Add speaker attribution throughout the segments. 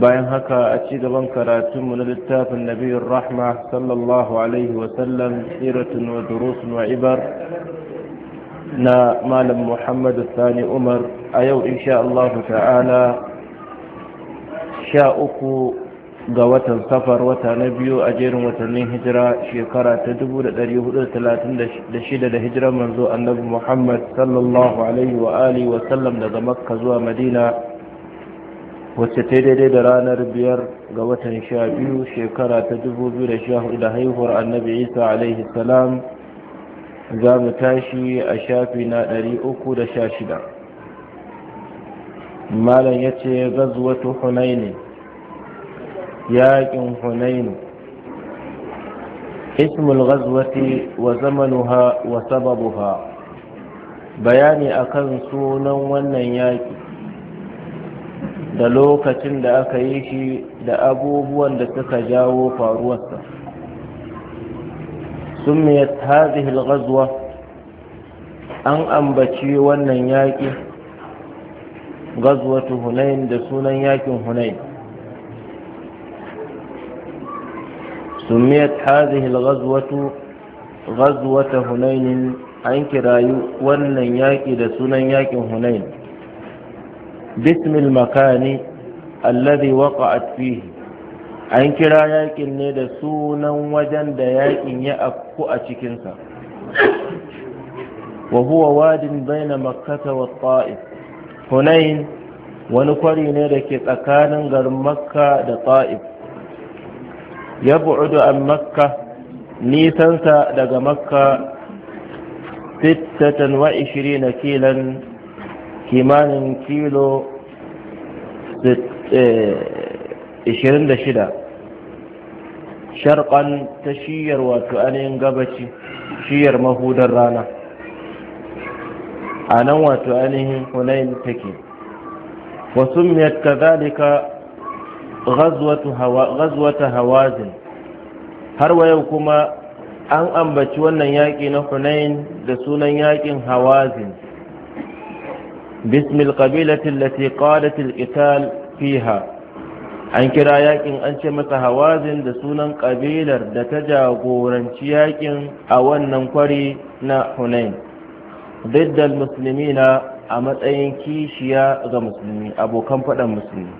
Speaker 1: bayan haka a ci gaban karatunmu na littafin nabiyar rahma sallallahu alaihi wasallam siratun wa durusun wa ibar na malam muhammadu sani umar a yau insha Allah ta'ala sha uku ga watan safar wata na biyu a jerin watannin hijira shekara ta 436 da hijirar manzo annabi muhammad sallallahu alaihi wa alihi wasallam daga makka zuwa madina wacce ta daidai da ranar biyar ga watan sha biyu shekara ta dubu biyu da sha hudu da haihuwar annabi isa alaihi salam za mu tashi a shafi na ɗari uku da sha shida malam ya ce gazuwatu hunaini yaƙin hunaini ismul gazuwati wa zamanuha wa sababuha bayani akan sunan wannan yaƙi da lokacin da aka yi shi da abubuwan da suka jawo faruwarsa sun hadhihi al-ghazwa an ambaci wannan yaki ghazwatu hunain da sunan yakin hunain summiyat hadhihi al-ghazwatu ghazwata hunain an kirayu wannan yaki da sunan yakin hunain باسم المكان الذي وقعت فيه an kira yakin ne da sunan wajen da yakin ya afku a cikinsa wa huwa wadin baina makkata wa ta'if hunain wani kwari ne da ke tsakanin garin makka da ta'if ya bu'udu an makka nisansa daga makka 26 kilan kimanin kilo 26 eh, sharkan ta shiyar wato ainihin gabaci shiyar mahudar rana a nan wato ainihin hunayin take wasu miyar zalika gazuwata hawazin har wa yau kuma an ambaci wannan yaƙi na hunayin da sunan yaƙin hawazin باسم القبيلة التي قادت القتال فيها an kira yaƙin an ce masa hawazin da sunan ƙabilar da ta jagoranci yaƙin a wannan kwari na hunain diddal musulmi na a matsayin kishiya ga musulmi abokan faɗan musulmi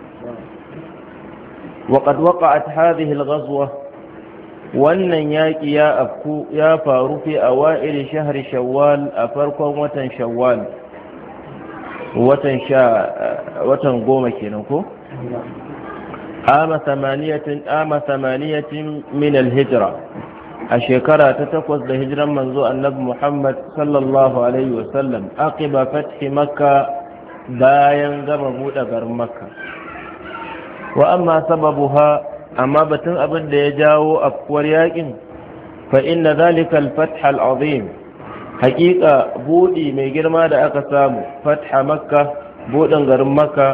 Speaker 1: waƙad waƙa'at hadhihi al wannan yaƙi ya afku ya faru fi awa'il shawwal a farkon watan shawwal watan sha watan goma kenan ko ama samaniyatin min a shekara ta takwas da hijiran manzo annabi muhammad sallallahu alaihi wasallam aqiba fathi makka bayan gama buɗe garin makka wa amma ha amma batun abin da ya jawo afkuwar yakin fa inna zalika alfath alazim hakika buɗi mai girma da aka samu fatha makka buɗin garin makka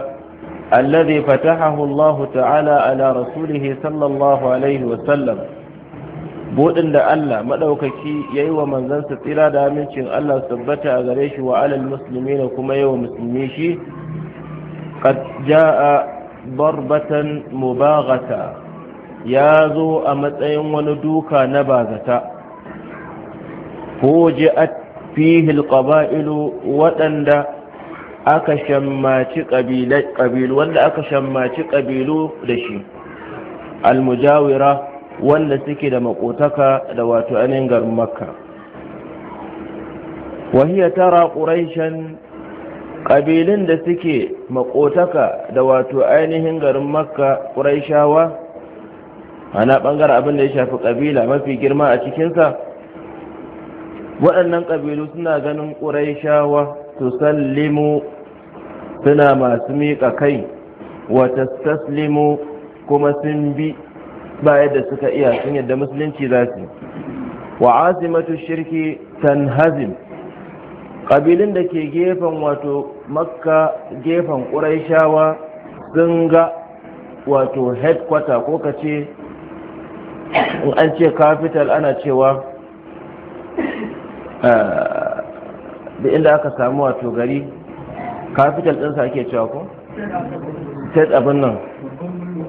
Speaker 1: allazi fatahahu Allah ta'ala ala rasulihi sallallahu alaihi wa sallam buɗin da Allah madaukaki yayi wa manzansa tsira da amincin Allah tabbata a gare shi wa alal da kuma yawa musulmi shi qad jaa darbatan mubaghata ya zo a matsayin wani duka na bazata فوجئت Fihil alqaba'ilu waɗanda aka shammaci ƙabilu wanda aka shammaci ƙabilu da shi almujawira wanda suke da makotaka da wato anin garin makka wahiya tara ƙuraishen ƙabilun da suke makotaka da wato ainihin garin makka ƙuraishawa ana ɓangaren abin da ya shafi ƙabila mafi girma a cikinsa waɗannan ƙabilu suna ganin ƙuraishawa su sallimu suna masu miƙa kai wata sallimu kuma sun bi ba yadda suka iya sun yadda musulunci za su wa azimatu shirki hazim ƙabilun da ke gefen wato makka gefen ƙuraishawa sun ga wato headquarter ko ka ce an ce capital ana cewa Eh, da inda aka samu wato gari capital ɗinsa ake cewa ko state abin nan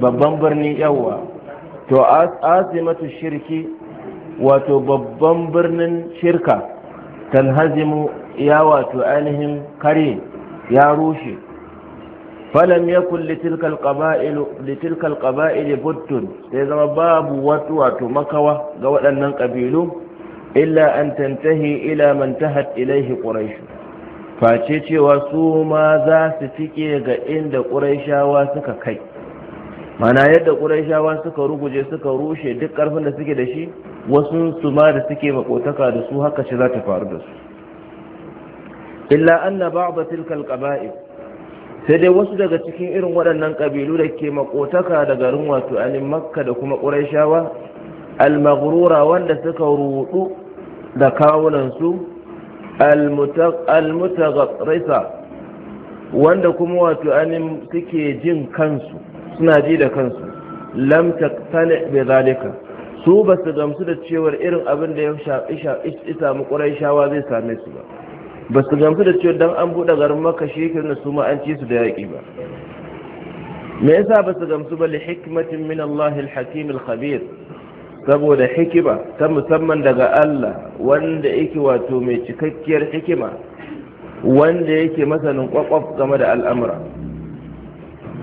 Speaker 1: babban birni yawwa to asimatu shirki wato babban birnin shirka tanhazimu ya wato ainihin kare ya rushe falam ya litilkal qaba'il litilkal qaba'il sai zama babu wato wato makawa ga waɗannan ƙabilu إلا أن تنتهي إلى من انتهت إليه قريش face cewa su ma za su tike ga inda ƙuraishawa suka kai mana yadda ƙuraishawa suka ruguje suka rushe duk ƙarfin da suke da shi wasu su ma da suke makotaka da su haka ce za ta faru da su illa anna ba'da tilka alqaba'ib sai dai wasu daga cikin irin waɗannan ƙabilu da ke maƙotaka da garin wato anin makka da kuma ƙuraishawa almagurura wanda suka ruɗu da kawunansu almutaghrisa wanda kuma wato anin suke jin kansu suna ji da kansu lam taqtali bi zalika su ba su gamsu da cewar irin abin da ya samu shawa zai same su ba ba gamsu da cewar dan an buɗe garin maka shekin da su an ci su da yaƙi ba me yasa ba su gamsu ba li hikmatin min Allah al-hakim al-khabir saboda hikima ta musamman daga Allah wanda yake wato mai cikakkiyar hikima wanda yake masanin kwakwaf game da al'amura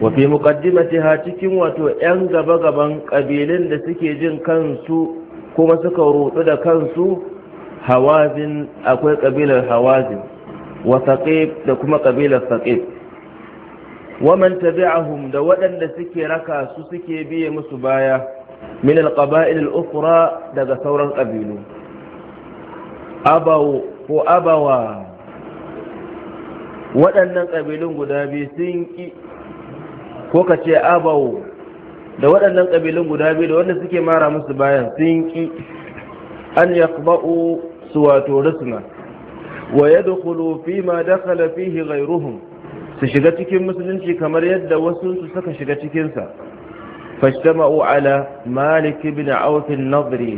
Speaker 1: wa fi ha cikin wato 'yan gaba-gaban ƙabilun da suke jin kansu kuma suka rutsu da kansu hawazin akwai ƙabilar hawazin wa saqib da kuma ƙabilar saqib wa man tabi'ahum da waɗanda suke raka su suke biye musu baya من القبائل الأخرى daga sauran kabilu ko abawa waɗannan ƙabilun guda biyu sun ƙi ko ka ce da waɗannan kabilun guda biyu da wanda suke mara musu bayan sun ki an yaqba'u su wato rusna wa yadkhulu fi ma dakhala fihi ghayruhum su shiga cikin musulunci kamar yadda wasu su saka shiga cikinsa fashtama'u ala malik ibn auf an-nadri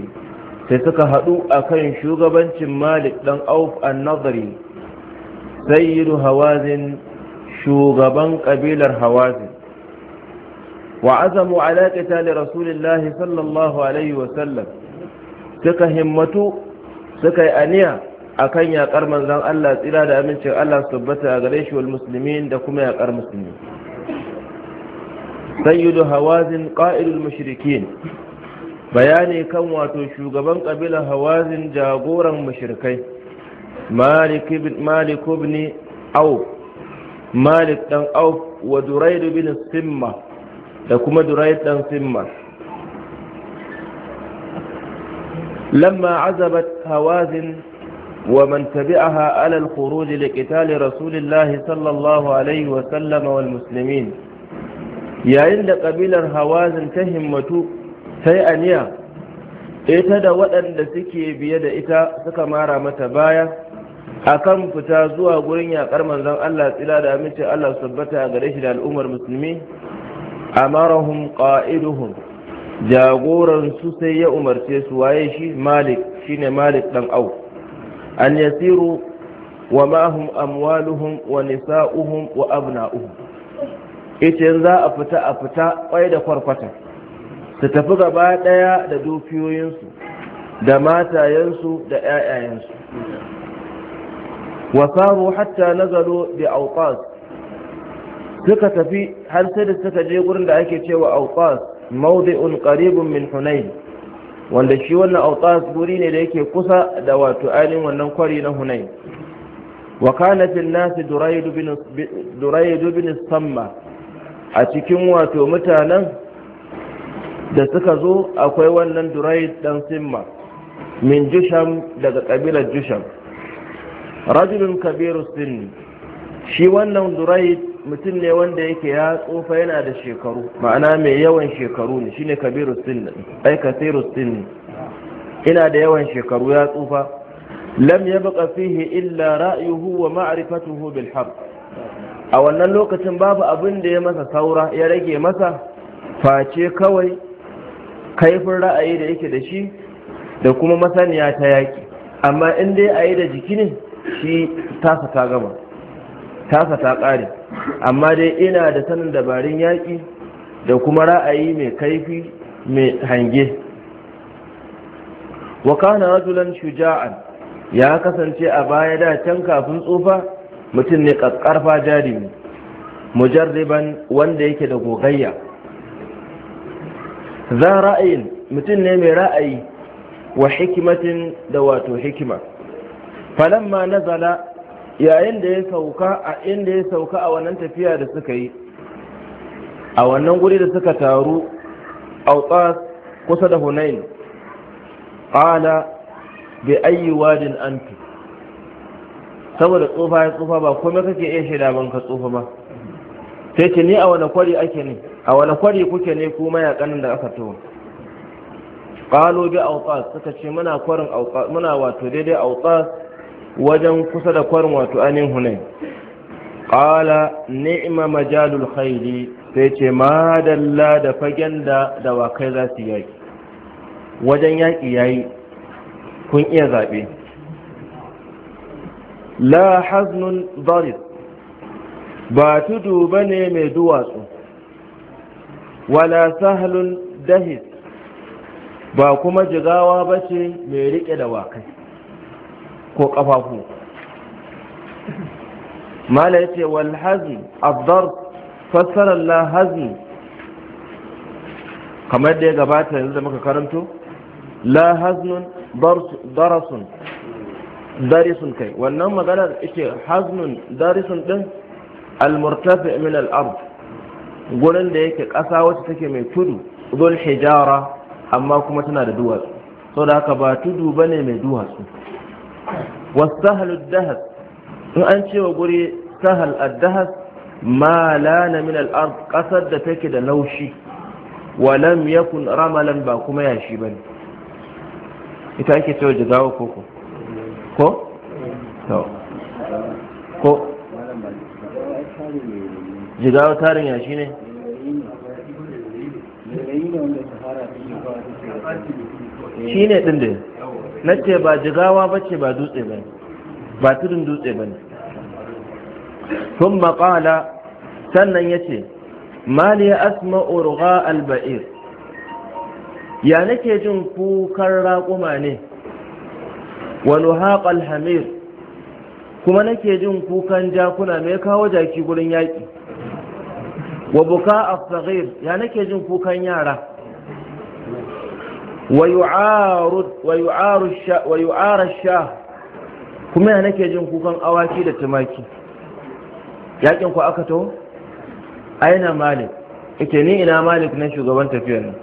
Speaker 1: sai suka haɗu akan shugabancin malik dan auf an-nadri sayyidu hawazin shugaban kabilar hawazin wa azamu ala qitali rasulillahi sallallahu alaihi wa sallam suka himmatu suka yi akan yaƙar manzon Allah tsira da amincin Allah su tabbata gare shi wal muslimin da kuma yaƙar musulmi sayyidu hawazin ƙa'ilul mashirikin bayani kan wato shugaban ƙabilar hawazin jagoran mashirkai malik ibn malik ɗan auf wa duraidu bin simma da kuma duraidu ɗan simma lamma azabat hawazin ومن تبعها على الخروج لقتال رسول الله صلى الله عليه وسلم والمسلمين yayin da ƙabilar hawazin ta himmatu sai aniya ita da waɗanda suke biye da ita suka mara mata baya akan fita zuwa gurin yaƙar manzon Allah tsira da amince Allah sabbata ga gare da al'ummar musulmi amarahum qa'iduhum jagoran su sai ya umarce su waye shi malik shine malik ɗan au an yasiru wa ma'ahum amwaluhum wa nisa'uhum wa abna'uhum yace yanzu za a fita a fita kwai da kwarkwata su tafi gaba daya da dukiyoyinsu da matayensu da ƴaƴayensu wasaru hatta nazalu bi awqas suka tafi har sai da suka je gurin da ake cewa awqas mawdi'un qaribun min hunain wanda shi wannan awqas guri ne da yake kusa da wato ainin wannan kwari na hunain wa kana fil nas durayd bin durayd bin samma a cikin wato mutanen da suka zo akwai wannan durai dan simma min jusham daga kabilar jusham rajulun kabiru sin shi wannan durai mutum ne wanda yake ya tsofa yana da shekaru ma'ana mai yawan shekaru ne shine kabiru sin ai kasiru sin ina da yawan shekaru ya tsufa lam yabqa fihi illa ra'yuhu wa ma'rifatuhu bil haqq a wannan lokacin babu abin da ya masa saura ya rage masa face kawai kaifin ra'ayi da yake da shi da kuma masaniya ta yaƙi amma in dai a yi da jiki ne shi tasa ta gama tasa ta ƙare amma dai ina da sanin dabarun yaƙi da kuma ra'ayi mai kaifi mai hange wa kana rajulan shuja'an ya kasance a baya da can kafin tsufa mutum ne ƙaƙƙarfa jarimi mujarriban wanda yake da gogayya za ra'ayin mutum ne mai ra'ayi wa hikimatin da wato hikima na nazala yayin da ya sauka a inda ya sauka a wannan tafiya da suka yi a wannan guri da suka taru autas kusa da hunain ƙala bi ayyi wadin antu saboda tsufa ya tsufa ba kome kake iya shaida ban ka tsufa ba sai ce ni a wani kwari ake ne a wani kwari kuke ne kuma ya kanin da aka tuwo qalu bi awqas suka ce muna kwarin muna wato daidai awqas wajen kusa da kwarin wato anin hunay qala ni'ma majalul khayli sai ce ma dalla da fagen da dawakai za su yaki wajen yaki yayi kun iya zaɓe. la haznun dharid ba tudu bane mai duwatsu wala sahlun dahis ba kuma jigawa ba ce mai riƙe da wakai ko ƙafafu mala ya ce walhazi abdar fassarar lahazi kamar da ya gabata yanzu da muka karanto lahaznun darasun darisun kai wannan maganar ike haznun darisun din almurtafi min al-ard gurin da yake ƙasa wacce take mai tudu zul hijara amma kuma tana da duwatsu sau da haka ba tudu ba ne mai duwatsu wasu dahas in an cewa guri sahal dahas ma lana min al-ard ƙasar da take da laushi walam yakun ramalan ba kuma yashi ba ne ita ake cewa jigawa koko ko
Speaker 2: to ko
Speaker 1: jigawa tarin ya shine?
Speaker 2: ne shi ne ɗin da
Speaker 1: na ce ba jigawa ba ce ba dutse ba ba tudun dutse ba ne sun maƙala sannan ya ce mali ya asma urga alba'ir ya nake jin kukan raƙuma ne wa nuhaqal hamir kuma nake jin kukan jakuna me kawo jaki gurin yaki wa buka as ya nake jin kukan yara wa yu'aru wa yu'aru wa kuma ya nake jin kukan awaki da tumaki yakin ku aka taho aina malik ake ni ina malik na shugaban tafiyar nan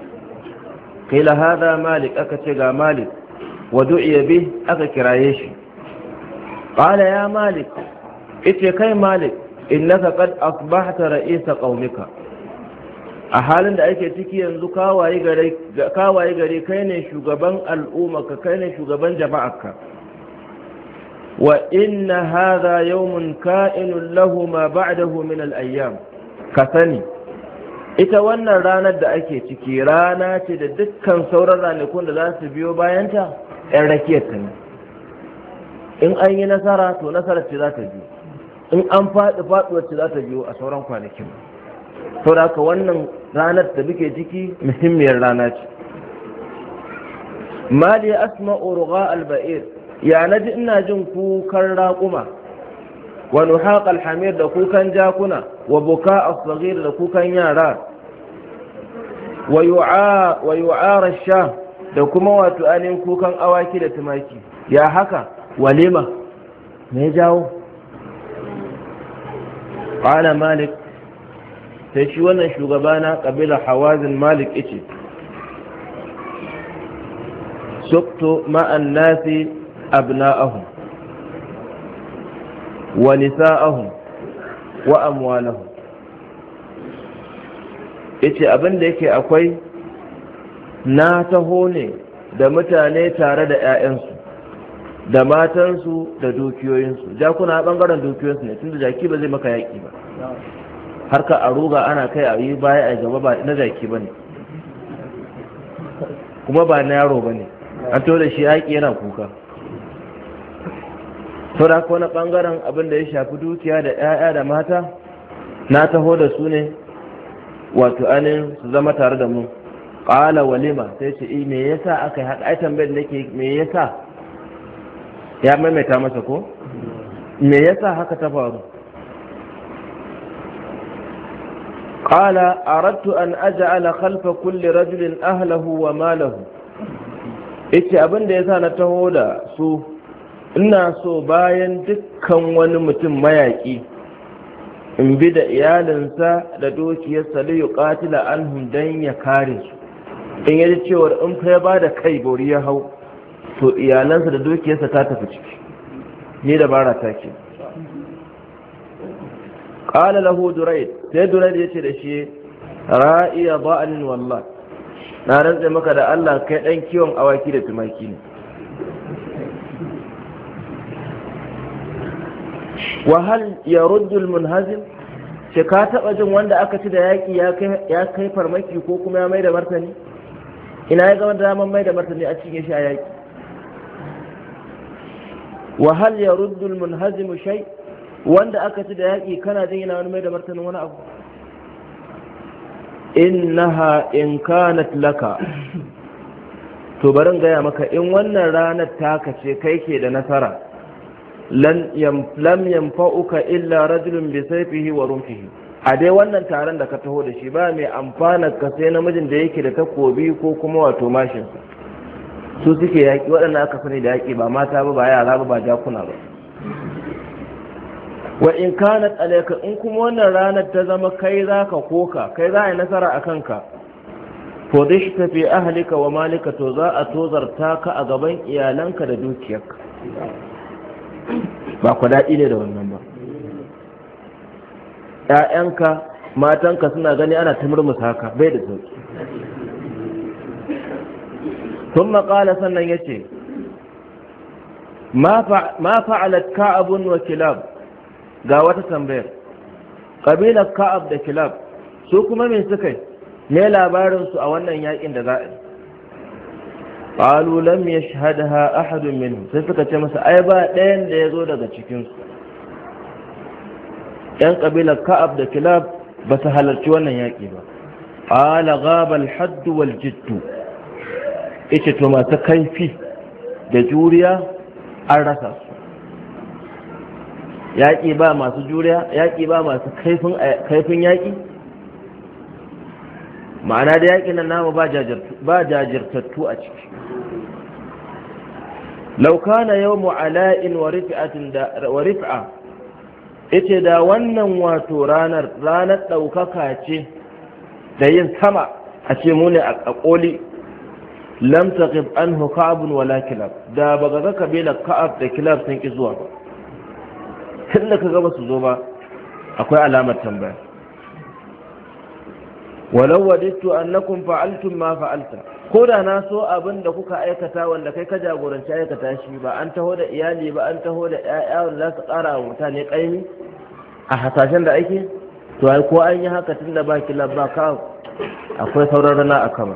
Speaker 1: Kai lahada malik aka ce ga malik wa du'iya bi aka kiraye shi qala ya malik ite kai malik innaka qad asbahta ra'isa qaumika a halin da ake ciki yanzu kawaye gare kai ne shugaban al'ummarka kai ne shugaban jama'arka wa inna hadha yawmun ka'inun lahu ma ba'dahu min ayyam ka sani ita wannan ranar da ake ciki rana ce da dukkan sauran ranakun da za su biyo bayanta yan rakiyar ta ne in an yi nasara to nasarar ce za ta biyo in an faɗi faɗuwar ce za ta biyo a sauran kwanakin to da ka wannan ranar da muke ciki muhimmiyar rana ce Mali asma uruga alba'ir ya na ji ina jin kukan raƙuma wa nuhaq hamir da kukan jakuna wa buka as da kukan yara wa yu'a wa yu'ara da kuma wato ainihin kukan awaki da tumaki ya haka walima me jawo Ana malik sai shi wannan shugaba na ƙabila hawazin malik ice sukto ma'an nasi abna'ahu wa nisa'ahu wa amwalahu yace abin da yake akwai na taho ne da mutane tare da 'ya'yansu da matansu da dukiyoyinsu jakuna a ɓangaren dukiyoyinsu ne tun da jaki ba zai maka yaƙi ba har ka a ruga ana kai a yi baya a gaba ba na jaki ba ne kuma ba na yaro ba ne an to da shi yaƙi yana kuka saboda ko na ɓangaren abin da ya shafi dukiya da 'ya'ya da mata na taho da su ne wato anin su zama tare da mu qala walima sai ce eh me yasa aka haɗa ai tambayar nake me yasa ya maimaita masa ko me yasa haka ta faru qala aradtu an aj'ala khalfa kulli rajulin ahlahu wa malahu ita abin da yasa na taho da su ina so bayan dukkan wani mutum mayaƙi in bi da iyalinsa da dukiyarsa li yuqatila anhum dan ya kare su in ya ji cewar in fa ya bada kai bori ya hau to iyalansa da dukiyarsa ta tafi ciki ni dabara ta ke ƙala lahu durayd sai durayd ya ce da shi ra'iya ba'alin wallah na rantsa maka da Allah kai ɗan kiwon awaki da tumaki ne Wahal ya yaruddul munhazim shi ka taɓa jin wanda aka ci da yaƙi ya kai farmaki ko kuma ya mai da martani ina ya zama daman mai da martani a cikin shi a yaƙi wa hal ya ruddul munhazimu shai wanda aka ci da yaƙi kana jin yana wani mai da martani wani abu innaha in kanat laka to barin gaya maka in wannan ranar taka ce kai ke da nasara lam yanfa'uka illa rajulun bi sayfihi wa rumfihi a dai wannan taron da ka taho da shi ba mai amfana ka sai namijin da yake da takobi ko kuma wato mashinsa su suke yaƙi waɗanda aka sani da yaƙi ba mata ba ba yara ba ba jakuna ba wa in kana alayka in kuma wannan ranar ta zama kai za ka koka kai za a yi nasara a kanka shi tafi ahlika wa malika to za a tozarta ka a gaban iyalanka da dukiyarka ba ku daɗi ne da wannan Ya'yanka matanka suna gani ana ta haka bai da sauki sun maƙala sannan ya ce ma fa'alat ka'abun wa kilab ga wata tambayar ƙabilar ka'ab da kilab su kuma mai suka ne labarinsu a wannan yaƙin da za a ya shahada lam yashhadha ahadun min sai suka ce masa ai ba ɗayan da ya zo daga cikinsu yan kabilar ka'ab da kilab ba su halarci wannan yaƙi ba ala gabal haddu wal jiddu ita to masu kaifi da juriya an rasa su yaƙi ba masu juriya yaƙi ba masu kaifin yaƙi ma'ana da yaƙi nan namu ba jajirtattu a ciki laukana yau mu'ala'in wa rif'a yace da wannan wato ranar ranar ɗaukaka ce da yin sama a ce mu ne a ƙoli lam taqib anhu wala kilab da baga ga kabila ka'ab da kilab sun ki zuwa ba tun da kaga ba su zo ba akwai alamar tambaya walau wadittu annakum fa'altum ma fa'alta ko da na so abin da kuka aikata wanda kai ka jagoranci aikata shi ba an taho da iyali ba an taho da 'ya'ya wanda za su ƙara wa mutane ƙaimi a hasashen da ake to ai ko an yi haka tun da ba ki labba ka akwai sauran rana a kama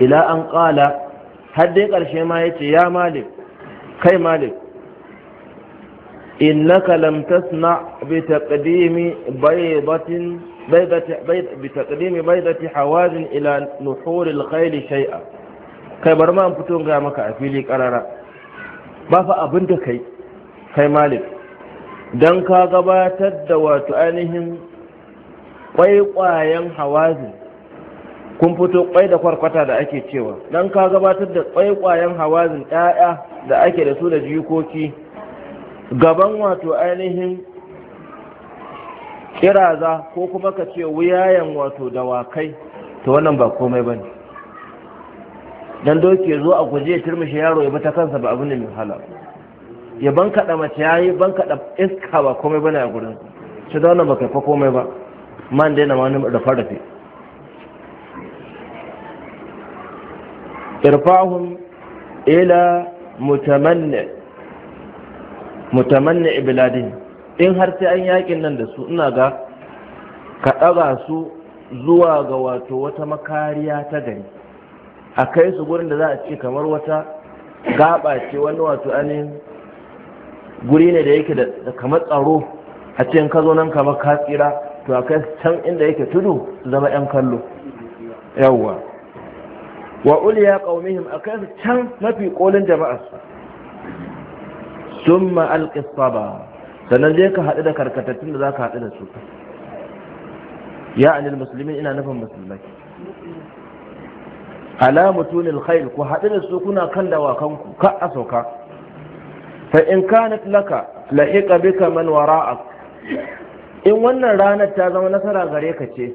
Speaker 1: ila an ƙala har dai ƙarshe ma ya ce ya malik kai malik innaka lam tasna bi taqdimi baydatin بتقديم بيضة حواز إلى نحور الخيل شيئا kai برمان ma fito ga maka a fili كي ba fa دنكا kai kai malik don ka gabatar da wato ainihin kwaikwayen kun fito kwai da kwarkwata da ake cewa Dan ka gabatar da hawazin da ake da su da jikoki gaban wato ainihin kiraza ko kuma ka ce wuyayen wato dawakai to wannan ba komai ba ne don doke zo a guje ya yaro ya ta kansa ba abin da mai hala ya ban kaɗa mace ya yi ban kaɗa iska ba komai ba ne a gurin shi da wannan ba kai fa komai ba man daina ma wani rafe-rafe irfahun ila mutamanni mutamanni ibladin in har sai an yakin nan da su ina ga ka ɗaga su zuwa ga wato wata makariya ta gari a kai su gurin da za a ce kamar wata gaba ce wani wato anin guri ne da yake da kamar tsaro a ce ka zo nan kamar ka tsira to a kai can inda yake tudu zama 'yan kallo yawwa wa uliya qaumihim a kai su can mafi kolin jama'a summa alqis sannan zai ka haɗu da karkatattun da za ka haɗu da su ya anil musulmin ina nufin musulmai ala mutunil khair ku haɗu da su kuna kan dawakanku ka a sauka fa in kana laka lahiqa bika man wara'ak in wannan ranar ta zama nasara gare ka ce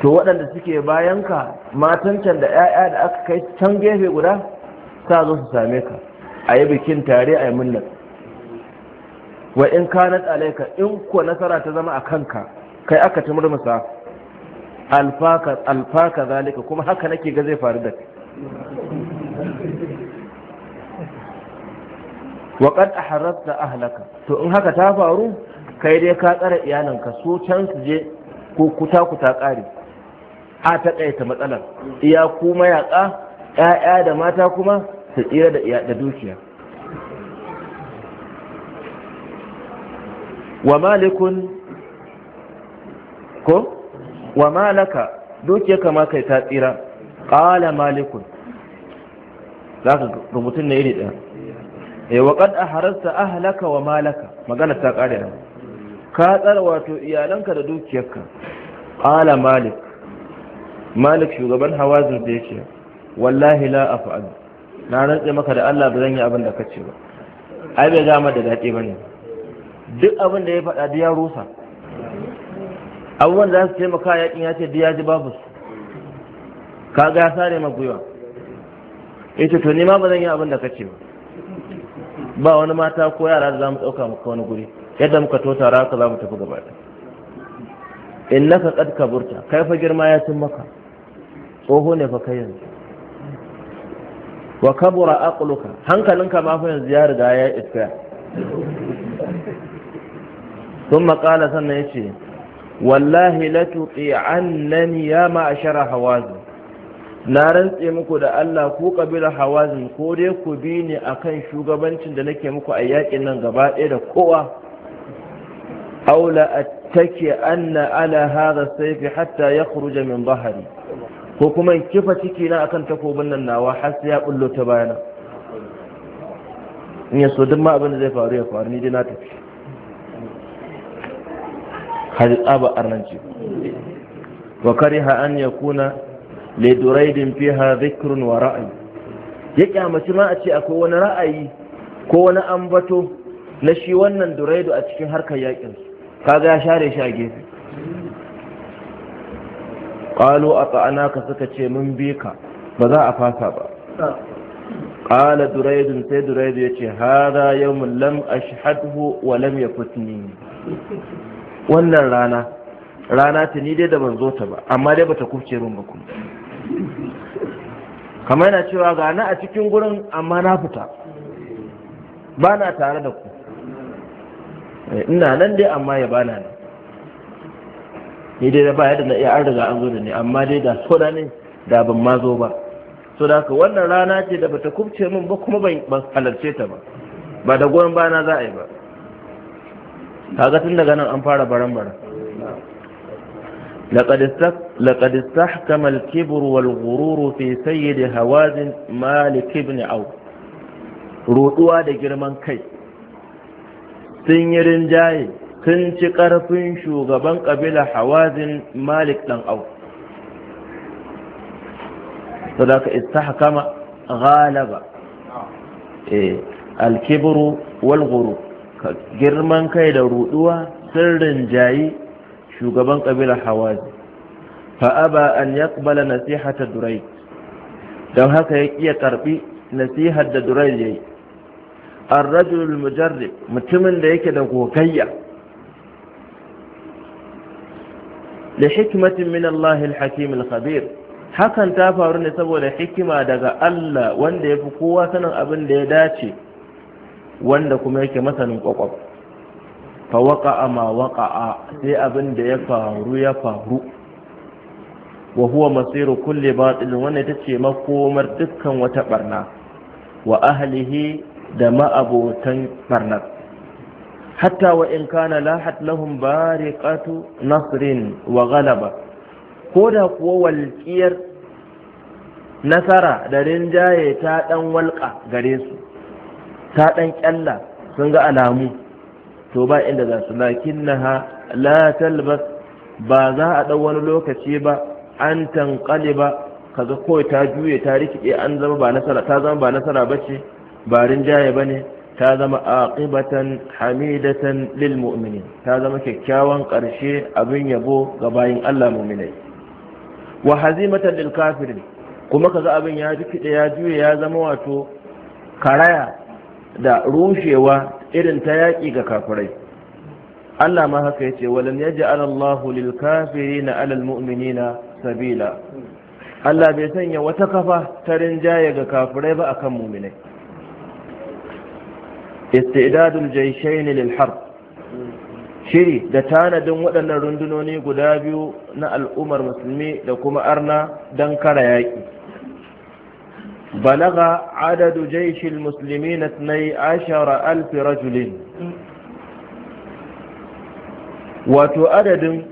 Speaker 1: to waɗanda suke bayanka matan can da 'ya'ya da aka kai can gefe guda sa zo su same ka a yi bikin tare a yi wa in kanat alayka in ko nasara ta zama a kanka kai aka ta murmusa alfaka zalika kuma haka nake ga zai faru da kai wa qad ahrabta ahlaka to in haka ta faru kai dai ka tsara iyalanka su can su je ko kuta kuta kare a kaita matsalar iya kuma yaƙa 'ya'ya da mata kuma su tsira da dukiya wa malikun ko wa malaka dukiya kama kai ta tsira ƙala malikun za ka rubutun na iri ɗaya ya eh, waƙad a harasta ahalaka wa malaka magana ta ƙare nan ka tsara wato iyalanka da dukiyarka ƙala malik malik shugaban hawazin da yake wallahi la afa'al na rantse maka da Allah ba zan yi abin da kace ba ai bai gama da daɗi bane duk abin da ya faɗa duk ya rusa abubuwan da su taimaka yakin ya ce duk ya ji babu su kaga ya sare ma gwiwa ya ce to ni ma ba zan yi abin da kace ba ba wani mata ko yara da za mu ɗauka muka wani guri yadda muka to tara ka za mu tafi gaba da innaka qad kaburta kai fa girma ya cin maka tsoho ne fa kai yanzu wa kabura aqluka hankalinka ma fa yanzu ya riga ya iska sun maƙala sannan ya ce wallahi latuƙi annani ya ma'ashara hawazin na rantse muku da Allah ku ƙabilar hawazin ko dai ku bi ni akan shugabancin da nake muku a yakin nan gaba ɗaya da kowa aula attake anna ala hadha sayfi hatta kuruja min bahari ko kuma kifa ciki na akan takobin nan nawa har ya bullo ta bayana in yaso duk ma abin da zai faru ya faru ni dai har tsaba arnanci wa kariha an kuna li duraidin fiha dhikrun wa ra'ayi. ya kyamaci ma a ce akwai wani ra'ayi ko wani ambato na shi wannan duraidu a cikin harkar yakin kaga ya share shi a gefe qalu ata'anaka suka ce mun bi ka ba za a fasa
Speaker 2: ba
Speaker 1: Ƙala duraidun sai duraidu yace hada yawmun lam ashhadhu wa lam yaftini wannan rana rana ta ni dai da ban zo ta ba amma dai bata kufce min ba kuma kamar yana cewa ga na a cikin gurin amma na fita ba na tare da ku eh, ina nan dai amma ya bana ne ni dai da ba yadda na iya an riga an zo da ne amma dai da so da ne da ban ma zo ba so da haka wannan rana ce da bata kufce min ba kuma ban halarce ta ba ba da goyon bana za a yi ba kaga tun daga nan an fara baran baran لقد استحكم الكبر والغرور في da hawazin مالك بن au, ruduwa da girman kai sun yi rinjaye sun ci ƙarfin shugaban ƙabila hawazin malik ɗan au su da ka istahkama galaba. Eh, alkibiru wal guru girman kai da ruduwa sirrin jayi shugaban kabilar hawazi fa'aba an yaqbala nasihata durai don haka ya iya karbi nasihar da durai yayi ar-rajulul mujarrib mutumin da yake da kokayya li hikmatin min Allah al-hakim al-khabir hakan ta faru ne saboda hikima daga Allah wanda yafi kowa sanin abin da ya dace wanda kuma yake masanin kwakwab fa a ma a sai abin da ya faru ya faru wa huwa masiru kulli batil wanda ta ce makomar dukkan wata barna wa ahlihi da ma'abotan barnar hatta wa in kana lahat lahum bariqatu nasrin wa galaba. ko da kuwa walƙiyar nasara da rinjaye ta ɗan walƙa gare su ta ɗan ƙyalla sun ga alamu to ba inda za su lakin na la talbas ba za a ɗau wani lokaci ba an tankali ba kaga kawai ta juye ta rikide an zama ba nasara ta zama ba nasara bace ba rinjaye bane ta zama aqibatan hamidatan lil mu'minin ta zama kyakkyawan karshe abin yabo ga bayin Allah mu'minai wa hazimatan lil kafirin kuma kaga abin ya rikide ya juye ya zama wato karaya da rushewa irin ta yaƙi ga kafirai Allah ma haka yace walam yaj'al Allahu lil kafirina 'ala al mu'minina sabila Allah bai sanya wata kafa ta rinjaye ga kafirai ba akan mu'minai istidadul jayshayn lil harb shiri da tanadin waɗannan rundunoni guda biyu na al'ummar musulmi da kuma arna don kara yaƙi بلغ عدد جيش المسلمين 12 ألف رجل وتؤدد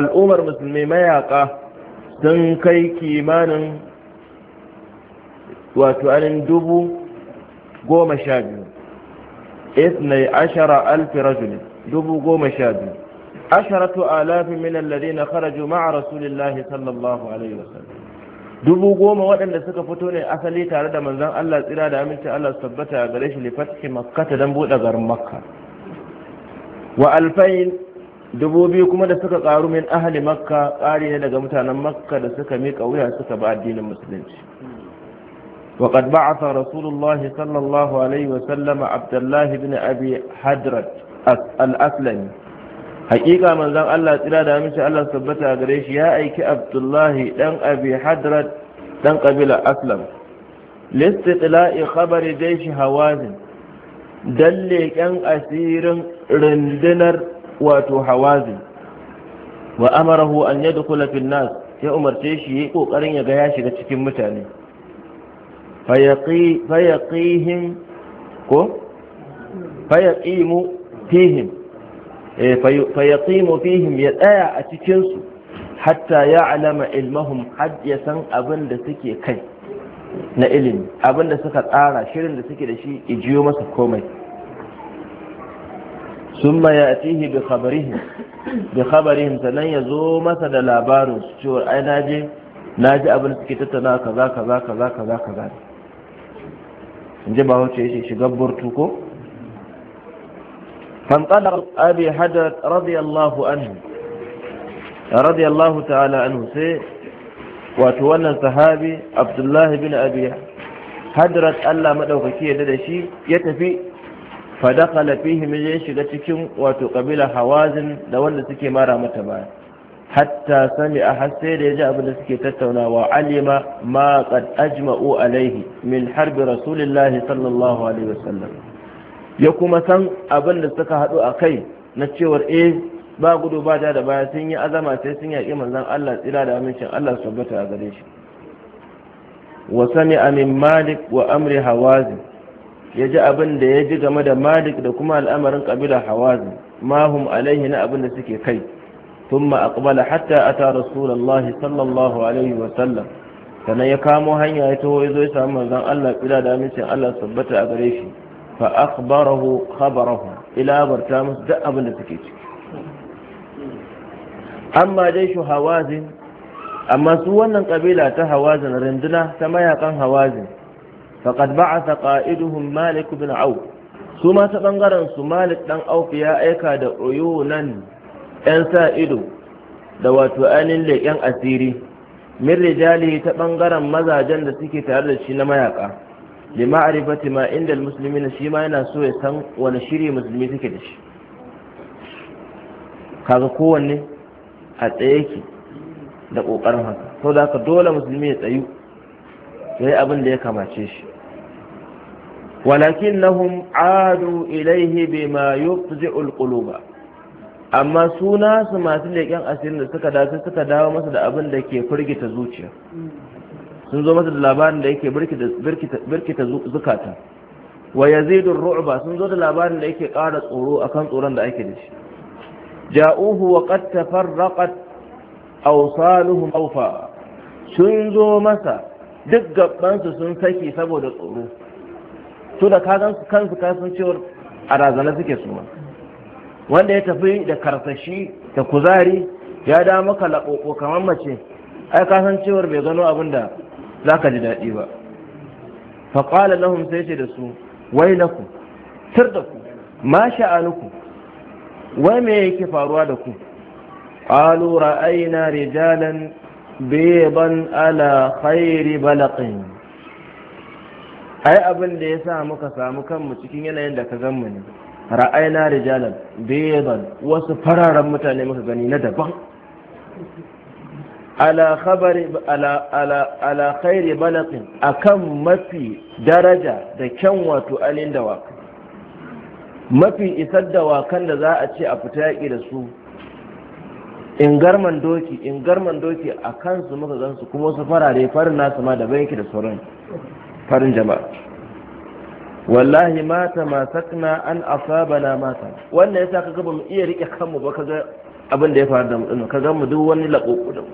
Speaker 1: al'ummar musulmi mayaka sun kai kimanin wato anin dubu goma sha biyu ashara alfi rajulin dubu goma sha biyu asharatu kharaju ma'a sallallahu alaihi dubu goma waɗanda suka fito ne asali tare da manzan Allah tsira da aminci Allah su tabbata a gare shi lifatki don buɗe garin makka wa alfain dubu biyu kuma da suka ƙaru min ahali makka ƙari ne daga mutanen makka da suka miƙa wuya suka ba addinin musulunci وقد بعث رسول الله صلى الله عليه وسلم عبد الله بن أبي حدرج الأسلمي haƙiƙa manzon Allah tsira da Allah tabbata gare shi ya aiki Abdullahi ɗan Abi Hadrat dan kabila Aslam listila'i khabari shi Hawazin dan leƙen asirin rundunar wato Hawazin wa amarahu an yadkhula kula nas ya umarce shi yi ƙoƙarin ya ga ya shiga cikin mutane fayaqihim ko fayaqimu fihim Eh, fa yaqimu fihim ya tsaya a cikin su hatta ya alama ilmahum had ya san abin da suke kai na ilimi abin da suka tsara shirin da suke da shi ijiyo masa komai summa ya'tihi bi khabarihim bi khabarihim sannan ya zo masa da labarin su cewa ai naje naji abin da suke tattauna kaza kaza kaza kaza kaza in ji ba wuce ya shiga burtu ko فانطلق أبي حجر رضي الله عنه رضي الله تعالى عنه سي وتولى الصحابي عبد الله بن أبي حجرت ألا مدوككية لدشي يتفي فدخل فيه من جيش لتكم وتقبل حوازن دولة تكي مارا متبعي hatta sami a hasse da ya ji abin da suke tattaunawa alima ma qad ajma'u alaihi min harbi rasulillahi sallallahu alaihi wasallam ya kuma san abin da suka haɗu a kai na cewar eh ba gudu ba da baya sun yi azama sai sun yaƙi manzon Allah tsira da amincin Allah su bata a gare shi wa sami amin malik wa amri hawazi ya ji abin da ya ji game da malik da kuma al'amarin ƙabilar hawazi mahum alaihi na abin da suke kai ثم أقبل hatta أتى رسول الله sallallahu alaihi wa sallam sannan ya kamo hanya ya taho ya zo ya samu manzon Allah tsira da amincin Allah sabbata a gare shi fa akhbarahu khabarahu ila barta musu duk abin da suke ciki amma dai shu hawazin amma su wannan kabila ta hawazin rinduna ta mayakan hawazin faqad ba'atha qa'iduhum malik ibn auf su ma ta bangaren su malik dan auf ya aika da uyunan yan sa ido da wato anin leƙen asiri min rijali ta bangaren mazajen da suke tare da shi na mayaka li ma inda na shi ma yana so ya san wani shiri musulmi take da shi kaga kowanne a tsaye ki da kokarin haka to da haka dole musulmi ya tsayu yayi abin da ya kamace shi walakinnahum adu ilaihi bima yufzi'ul ba. amma suna su masu leƙen asirin da suka dace suka dawo masa da abin da ke firgita zuciya sun zo masa da labarin da yake birkita zukata wa yazidun ru'ba sun zo da labarin da yake kara tsoro akan tsoron da ake da shi ja'uhu wa qad tafarraqat awsaluhum awfa sun zo masa duk gaban su sun saki saboda tsoro su da kagan su kansu kasan cewar a razana suke suma wanda ya tafi da karsashi da kuzari ya da maka laƙoƙo kamar mace ai kasan cewar bai gano abin da za ka ji daɗi ba faƙwala lahum sai ce da su wai na ku. sir da ku ma sha'anuku wai me yake faruwa da ku qalu ra'ayina rijalan beban ala khairi balaƙin ai abin da ya sa muka samu kanmu cikin yanayin da ka gan mu ne ra'ayina rijalan beban wasu fararen mutane muka gani na daban ala khabari ala ala ala akan mafi daraja da kyan wato alin dawakai mafi isar dawakan da za a ce a fita yaƙi da su in garman doki in garman doki a kansu muka gansu kuma su farare farin nasu ma da banki da sauran farin jama'a wallahi mata ma sakna an asabana mata wannan yasa kaga ba mu iya rike kanmu ba kaga abin da ya faru da mu kaga mu duk wani laƙoƙo da mu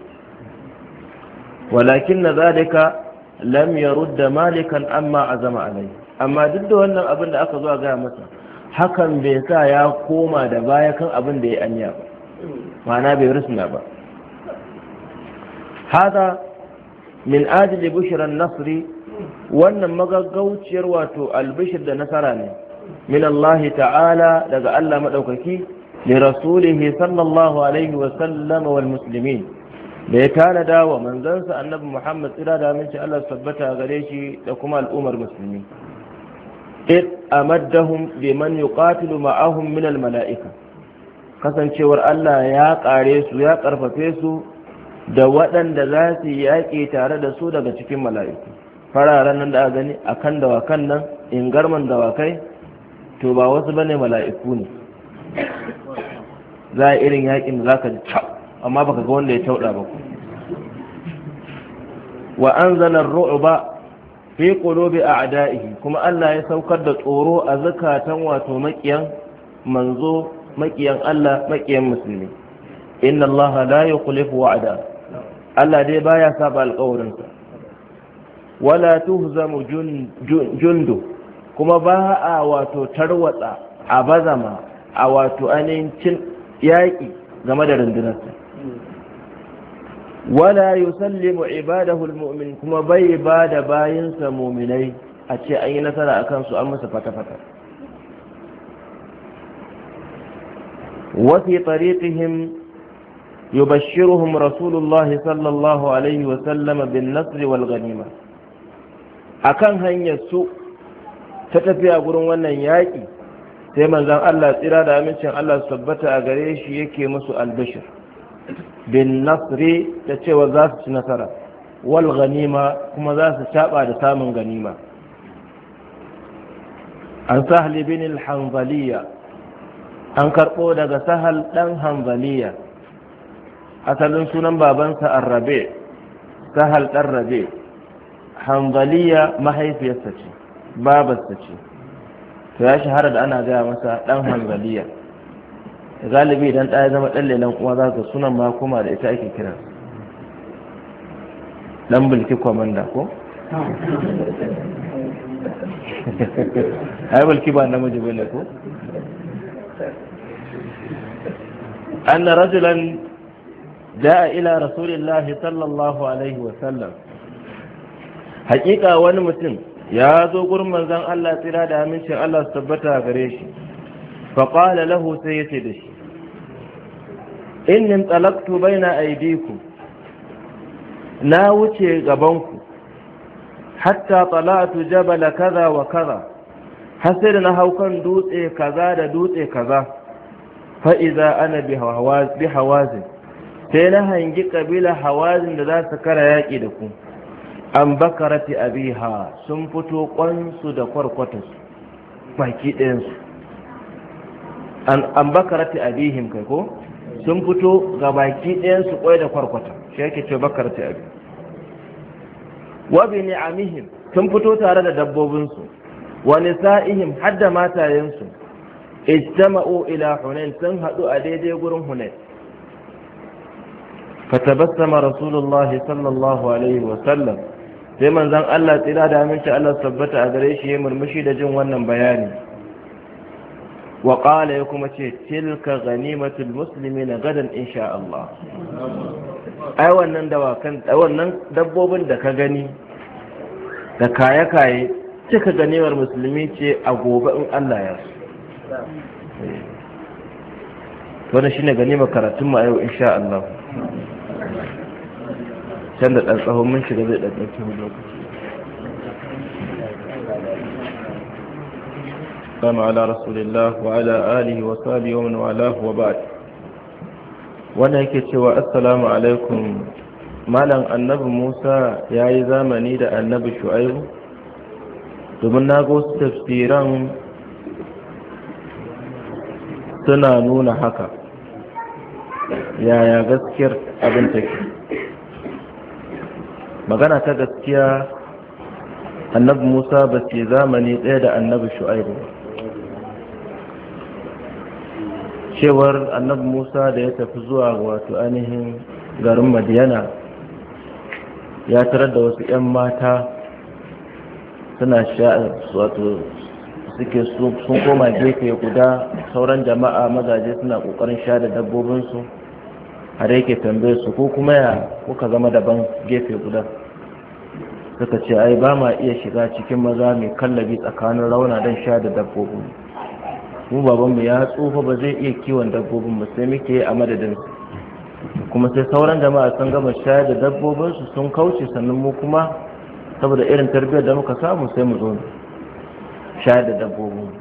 Speaker 1: walakin na zalika lam malikan amma azama alai amma duk da wannan abin da aka zo a gaya masa hakan bai sa ya koma da baya kan abin da ya anya ba ma'ana bai rusna ba hada min ajili bishiran nasri wannan magagauciyar wato albishir da nasara ne min ta'ala daga Allah maɗaukaki li rasulihi sallallahu alaihi wa sallama wal muslimin da ya tanada wa manzansa annabi muhammad tsira da aminci allah Sabbata, gare shi da kuma al'ummar musulmi a amaddahum liman yuqatilu ma'ahum min al-mala'ika kasancewar allah ya kare su ya karfafe su da waɗanda za su yaki tare da su daga cikin mala'iku fararen nan da a gani akan dawakan nan in garman dawakai to ba wasu bane mala'iku ne za a irin yaƙin da za ka ji amma baka ga wanda ya tauɗa ba ku wa anzala ar-ru'ba fi qulubi a'da'ihi kuma Allah ya saukar da tsoro a zakatan wato makiyan manzo makiyan Allah makiyan musulmi inna Allah la yukhlifu wa'da Allah dai baya saba alƙawarinsa wala tuhzamu jundu kuma ba a wato tarwatsa a bazama a wato ainihin yaƙi game da rundunarsa wala yusallimu ibadahu almu'min kuma bai ba da bayinsa mu'minai a ce an yi nasara akan su an musu fata-fata wafi tariqihim yubashshiruhum rasulullah sallallahu alaihi wa sallam bin nasr wal ghanima akan hanyar su ta tafiya wurin wannan yaƙi sai manzon Allah tsira da amincin Allah su tabbata a gare shi yake musu albashir bin nasri da cewa za su ci nasara wal ganima kuma za su shaɓa da samun ganima an sahali bin hanzaliya an karɓo daga sahal ɗan hanzaliya asalin sunan babansa arrabe sahal ɗan rabe hanzaliya mahaifiyarsa ce babarsa ce to ya shahara da ana gaya masa ɗan hanzaliya galibi idan ɗaya zama ɗan lelan kuma za ka sunan ma kuma da ita ake kira ɗan bilki kwamanda ko
Speaker 2: ai
Speaker 1: bulki ba namiji ne ko أن رجلا جاء إلى رسول الله صلى الله عليه وسلم حقيقة ونمتن يا ذو قرم زن الله سرادة من شاء الله سبتها غريش فقال da shi. innin tsalaktu baina aidiku na wuce gabanku hatta tsalatu jabala kaza wa kaza hasir sai da na hau kan dutse kaza da dutse kaza fa'iza ana bi hawazin sai na hangi kabila hawazin da za su kara yaƙi da ku an bakarati abiha sun fito kwansu da kwarkwatarsu baki ɗayansu an bakarati abihim kai ko sun fito ga baki ɗayan su kwai da kwarkwata shi yake ce bakar ta abi wa bi ni'amihim sun fito tare da dabbobinsu, su wa nisa'ihim har da matayen su ijtama'u ila hunain sun haɗu a daidai gurin hunain فتبسم رسول الله sallallahu alaihi wa sallam, sai manzon Allah tsira da aminci Allah tabbata a gare shi ya murmushi da jin wannan bayani wa qala ya kuma ce tilka ghanimatul muslimin gadan insha Allah ai wannan dawakan wannan dabbobin da ka gani da kaye-kaye cika ganimar musulmi ce a gobe in Allah ya so wannan shine ganimar karatun mu a yau insha Allah can da ɗan mun shiga zai ɗan ɗauki lokaci والسلام على رسول الله وعلى آله وصحبه ومن والاه وبعد wanda yake cewa assalamu alaikum malam annabi musa ya yi zamani da annabi shu'aibu domin na ga wasu tafsiran suna nuna haka yaya gaskiyar abin take magana ta gaskiya annabi musa ba ce zamani ɗaya da annabi shu'aibu ba cewar annabi musa da ya tafi zuwa wato ainihin garin madiyana ya tarar da wasu 'yan mata suna sha wato suke sun koma gefe guda sauran jama'a mazaje suna kokarin sha da dabbobinsu har yake tambaye su ko kuma ya kuka zama daban gefe guda suka ce ai ba ma iya shiga cikin maza mai kallabi tsakanin rauna don sha da dabbobi mu babanmu ya tsufa ba zai iya kiwon dabbobin ba sai muke a madadin kuma sai sauran jama'a sun gama shayar da dabbobinsu sun kauce sannan mu kuma saboda irin tarbiyyar da muka samu sai mu zo shayar da dabbobin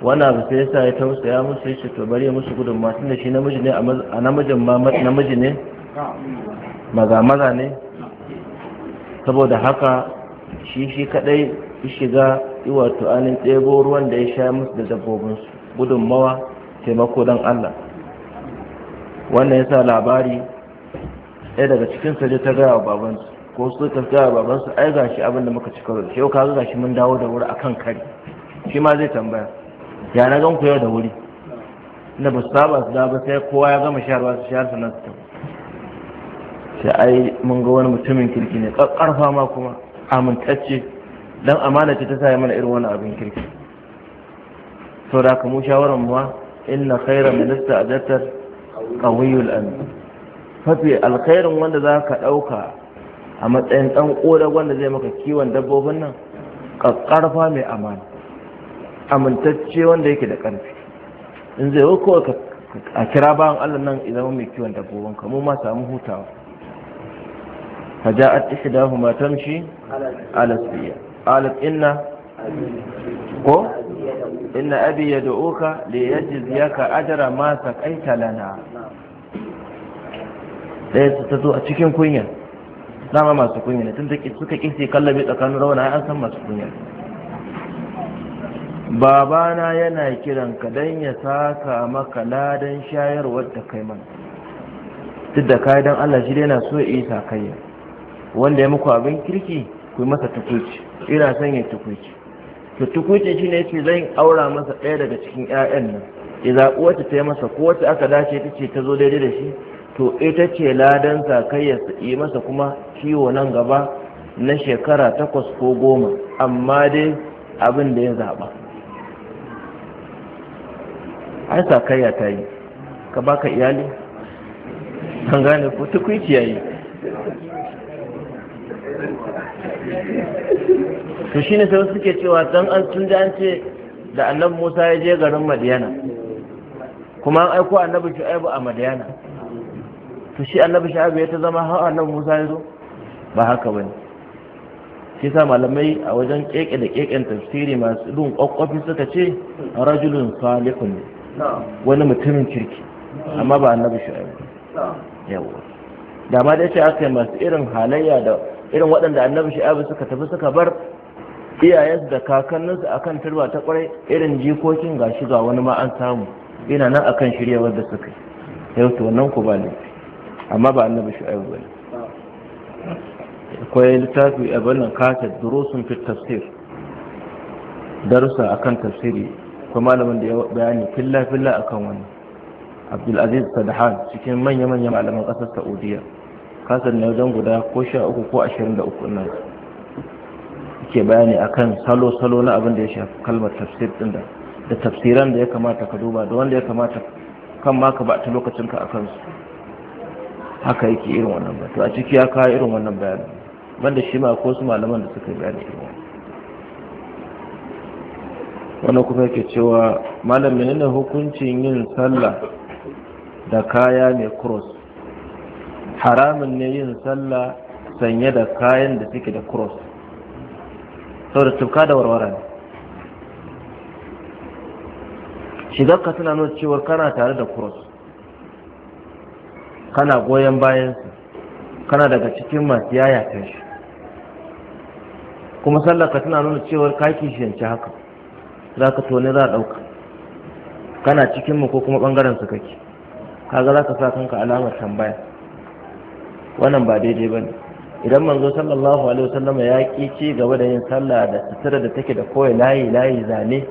Speaker 1: wannan abu sai yasa ya tausaya musu ya to bari musu gudun ma da shi namiji ne a namijin ma namiji ne maza maza ne saboda haka shi shi kadai shiga wato anin tsebo ruwan da ya sha musu da dabbobinsu gudunmawa taimako don Allah wannan ya sa labari ɗaya daga cikin saje ta gaya wa babansu ko su ta gaya wa babansu ai ga shi abinda muka ci karo shi ka ga shi mun dawo da wuri akan kari shi ma zai tambaya ya na gan ku yau da wuri na ba su saba su da ba sai kowa ya gama shayarwa su shayar sannan su sai ai mun ga wani mutumin kirki ne ƙarfa ma kuma amintacce dan amana ce ta sa mana irin wani abin kirki so da mu shawaran mu inna minista min ista'adatar qawiyul amin fafi alkhairin wanda za ka ɗauka a matsayin ɗan ƙoda wanda zai maka kiwon dabbobin nan ƙarfa mai amana amintacce wanda yake da ƙarfi in zai yi a kira bayan allah nan idan mai kiwon dabbobin ka mu ma samu hutawa فجاءت إحداهما تمشي
Speaker 2: على سبيل
Speaker 1: qalat inna ko inna abi yad'uka li yajziyaka ajra ma saqaita lana ɗaya ta zo a cikin kunya dama masu kunya ne tun da suka kisi kallabi tsakanin rauna an san masu kunya babana yana kiran ka don ya saka maka ladan shayarwar da kai duk da kayan don allah shi dai na so yi isa kai wanda ya muku abin kirki ku masa tukuci ina son ya tukuci to tukuci shine yace zan aura masa ɗaya daga cikin ƴaƴan nan ya zaɓi wacce ta yi masa ko wata aka dace ta ce ta zo daidai da shi to ita ce ladan sa kai ya yi masa kuma ciwo nan gaba na shekara takwas ko goma amma dai abin da ya zaɓa ai sakayya ta yi ka baka iyali an gane ko tukuci ya yi to ne sai suke cewa dan an tun da an ce da annabi Musa ya je garin Madiyana kuma an aiko annabi Shu'aibu a Madiyana to shi annabi Shu'aibu ya ta zama har annabi Musa ya zo ba haka bane shi sa malamai a wajen keke da keken tafsiri masu dun kwakwafi suka ce rajulun salihun wani mutumin kirki amma ba annabi Shu'aibu yawa da ma dai ce aka yi masu irin halayya da irin waɗanda annabi Shu'aibu suka tafi suka bar iyayensu da kakanninsu akan turba ta kwarai irin jikokin ga shiga wani ma an samu ina nan akan shiryawar da suka yi yau to wannan ku ba laifi amma ba annabi shu'aibu bane akwai littafi a bannan kata durusun fi tafsir darussa akan tafsiri kuma malamin da ya bayani filla filla akan wani aziz sadahan cikin manya-manya malaman ƙasar saudiya kasar na wajen guda ko sha uku ko ashirin da uku nan suke bayani akan salo-salo na abin da ya shafi kalmar tafsir din da da tafsiran da ya kamata ka duba da wanda ya kamata kan ma ka bata lokacin ka akan su haka yake irin wannan ba to a ciki ya kawo irin wannan bayani banda shi ma ko su malaman da suka yi bayani irin wannan wannan kuma yake cewa malam menene hukuncin yin sallah da kaya mai cross haramun ne yin sallah sanye da kayan da suke da cross saboda tufka da warwara ne shigar ka tana nuna cewar kana tare da cross kana goyon bayansa kana daga cikin masu yayata shi kuma sallar ka tana nuna cewar ka yanci haka za ka tone za a ɗauka kana cikin mu ko kuma ɓangaren su kake kaga za ka sa kanka alamar tambaya wannan ba daidai ba ne idan manzo sallallahu alaihi wasallam ya ki ci gaba da yin sallah da sutura da take da koyi layi layi zane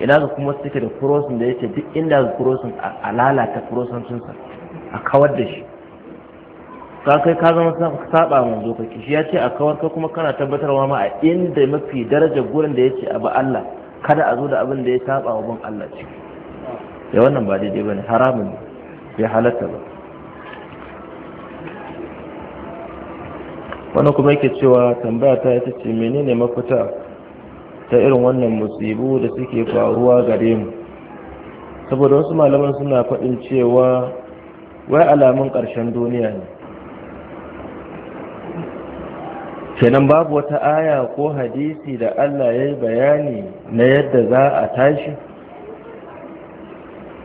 Speaker 1: ina ga kuma take da kurosin da yace duk inda ga kurosin a lalata kurosin sa a kawar da shi ka kai ka zama saba manzo ka shi ya ce a kawar ka kuma kana tabbatarwa ma a inda mafi daraja gurin da yace abu Allah kada a zo da abin da ya saba wa ban Allah ciki ya wannan ba daidai bane haramun bai halatta ba wani kuma yake cewa tambaya ta ita ce menene mafita ta irin wannan musibu da suke faruwa gare mu saboda wasu malaman suna faɗin cewa wai alamun ƙarshen duniya ne kenan babu wata aya ko hadisi da Allah ya yi bayani na yadda za a tashi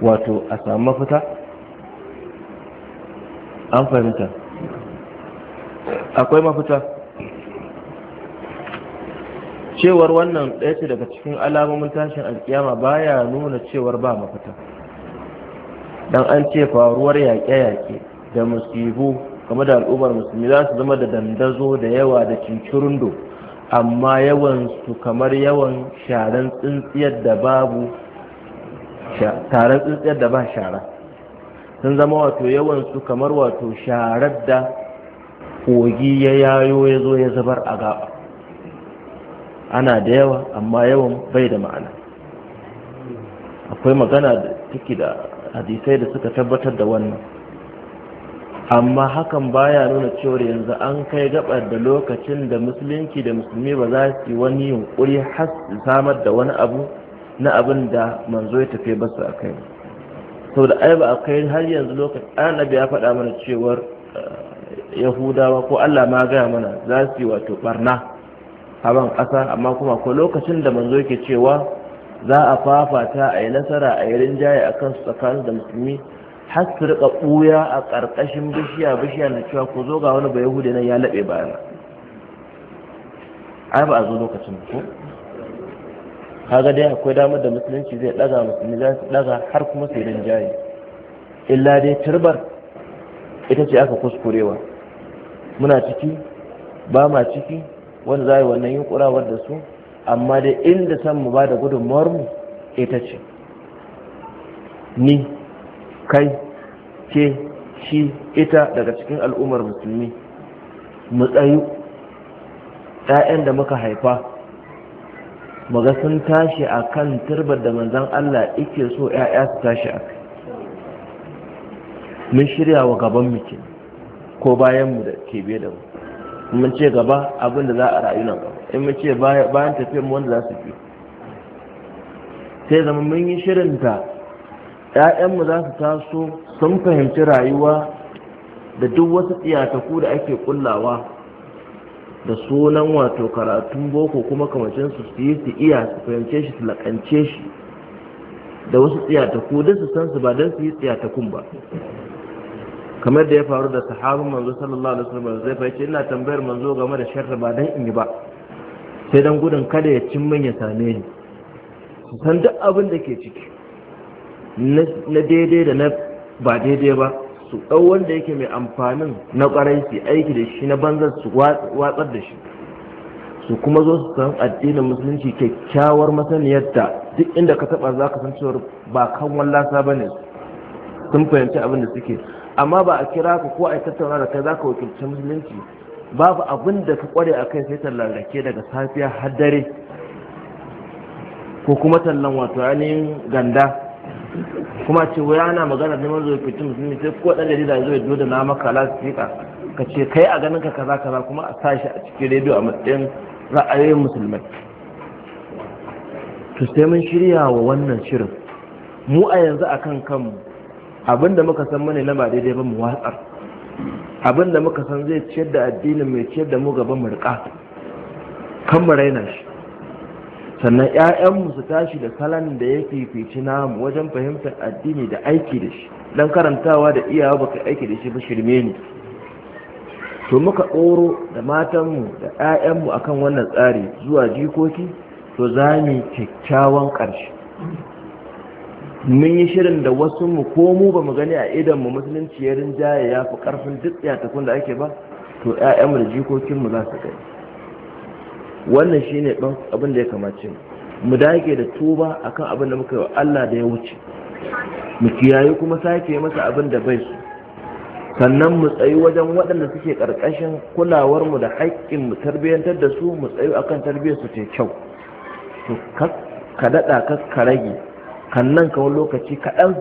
Speaker 1: wato a samu mafita an fahimta akwai mafita cewar wannan ɗaya ce daga cikin alamomin tashin alkiyama baya nuna cewar ba mafita dan an ce faruwar yaƙe-yaƙe da musibu game da al'ummar musulmi za su zama da dandazo da yawa da cincirundo amma yawan su kamar yawan sharan tsintsiyar da babu taron tsintsiyar da ba shara sun zama wato yawan su kamar wato sharar da kogi ya yayo ya zo ya zabar a gaba ana da yawa amma yawan bai da ma'ana akwai magana da take da hadisai da suka tabbatar da wannan amma hakan baya nuna cewar yanzu an kai gabar da lokacin da musulunci da musulmi ba za su yi wani yunkuri har su samar da wani abu na abin da manzo ya tafi basu a kai da ai ba a kai har yanzu lokacin annabi ya faɗa mana cewar yahudawa ko Allah ma gaya mana za su yi wato barna a ban ƙasa amma kuma ko lokacin da manzo yake cewa za a fafata a yi nasara a yi rinjaye a su tsakanin da musulmi har su riƙa ɓuya a ƙarƙashin bishiya bishiya na cewa ko zo ga wani ba yahudi nan ya laɓe bayana ai ba a zo lokacin ko kaga dai akwai damar da musulunci zai ɗaga musulmi za su ɗaga har kuma su yi rinjaye illa dai turbar ita ce aka kuskurewa muna ciki ba ma ciki wanda za yi wannan yunkurawar da su amma da inda san mu ba da gudunmuwar mu ita ce ni kai ke shi ita daga cikin al'ummar musulmi mu tsayu ‘ya'yan da muka haifa Maga sun tashi a kan turbar da manzan Allah ike so ‘ya'ya su tashi a kai mun shirya wa gaban mutum ko bayan mu da ke biye da mu mun ce gaba abin za a rayu nan gaba in mun ce bayan tafiyar mu wanda za su fi sai zama mun yi shirin ta ƴaƴanmu za su taso sun fahimci rayuwa da duk wasu tsiyataku da ake kullawa da sunan wato karatun boko kuma kamacin su su yi su iya su fahimce shi su laƙance shi da wasu tsiyataku duk su san su ba don su yi tsiyatakun ba kamar da ya faru da sahabin manzo sallallahu alaihi wasallam zai fa ina tambayar manzo game da sharri ba dan in yi ba sai dan gudun kada ya cin min ya same ni san duk abin da ke ciki na daidai da na ba daidai ba su ɗau wanda yake mai amfanin na ƙwarai su aiki da shi na banzar su watsar da shi su kuma zo su san addinin musulunci kyakkyawar masaniyar da duk inda ka taɓa za ka san cewa ba kan wallasa ba ne sun fahimci abin da suke amma ba a kira ka ko a tattauna da kai za ka wakilci musulunci babu abin da ka kware a kai sai tallan rake daga safiya har dare ko kuma tallan wato ainihin ganda kuma ce wai ana magana neman zuwa fitin musulmi sai ko ɗan jarida zai zo da kala su fiƙa ka ce kai a ganin ka kaza kaza kuma a sashi a cikin rediyo a matsayin ra'ayoyin musulmai to sai mun shirya wa wannan shirin mu a yanzu a kan kanmu abinda muka san mune na ba daidai ba mu watsar abinda muka san zai ciyar da addinin mai ciyar da mu gaba mu rika kan mu raina shi sannan mu su tashi da salan da ya fifici namu wajen fahimtar addini da aiki da shi dan karantawa da iyawa baka aiki da shi ba shirme ne to muka tsoro da matan mu da 'ya'yanmu akan wannan tsari zuwa jikoki to za mu kyakkyawan ƙarshe mun yi shirin da wasu mu ko mu ba mu gani a idan mu musulunci ya rinjaye ya fi karfin duk yatakun da ake ba to ƴaƴanmu da jikokinmu za su kai wannan shine abin da ya kamace mu dage da tuba akan abin da muka yi wa Allah da ya wuce mu kiyaye kuma sake masa abin da bai su sannan mu tsayi wajen waɗanda suke ƙarƙashin kulawarmu da haƙƙin mu tarbiyyantar da su mu tsayi akan tarbiyyar su ce kyau to ka daɗa ka rage kannan nan wani lokaci kaɗan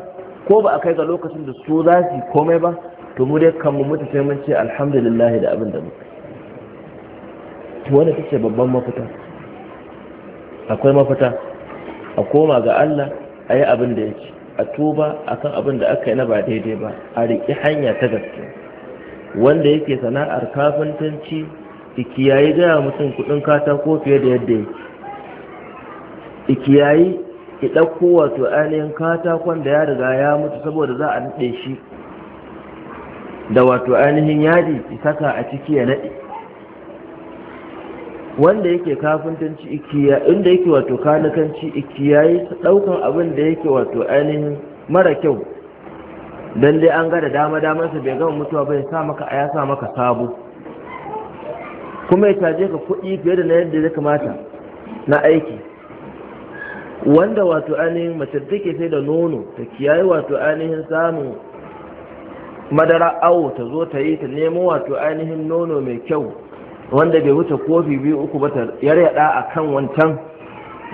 Speaker 1: ko ba a kai ga lokacin da su za su komai ba to mu dai kan mu mutu sai mun ce alhamdulillah da abin da To wanda take babban mafita akwai mafita a koma ga Allah a yi abin da ya ce a tuba akan abin da aka yi na ba daidai ba a riƙi hanya ta gaske wanda yake sana'ar kafintanci ikiyayi gaya mutum kuɗin katako fiye da yadda yake ikiyayi ki ɗauko wato ainihin katakon da ya riga ya mutu saboda za a naɗe shi da wato ainihin yadi ki saka a ciki ya naɗe wanda yake kafintanci ikiya inda yake wato kanakanci ikiya yi ɗaukan abin da yake wato ainihin mara kyau don dai an gada dama damansa bai gama mutuwa bai sa maka a ya sa maka sabo kuma ya caje ka kuɗi fiye da na yadda ya kamata na aiki wanda wato ainihin mace take sai da nono ta kiyaye wato ainihin samun madara awo ta zo ta yi ta nemo wato ainihin nono mai kyau wanda bai wuce kofi biyu uku ba ta yaryada a kan wancan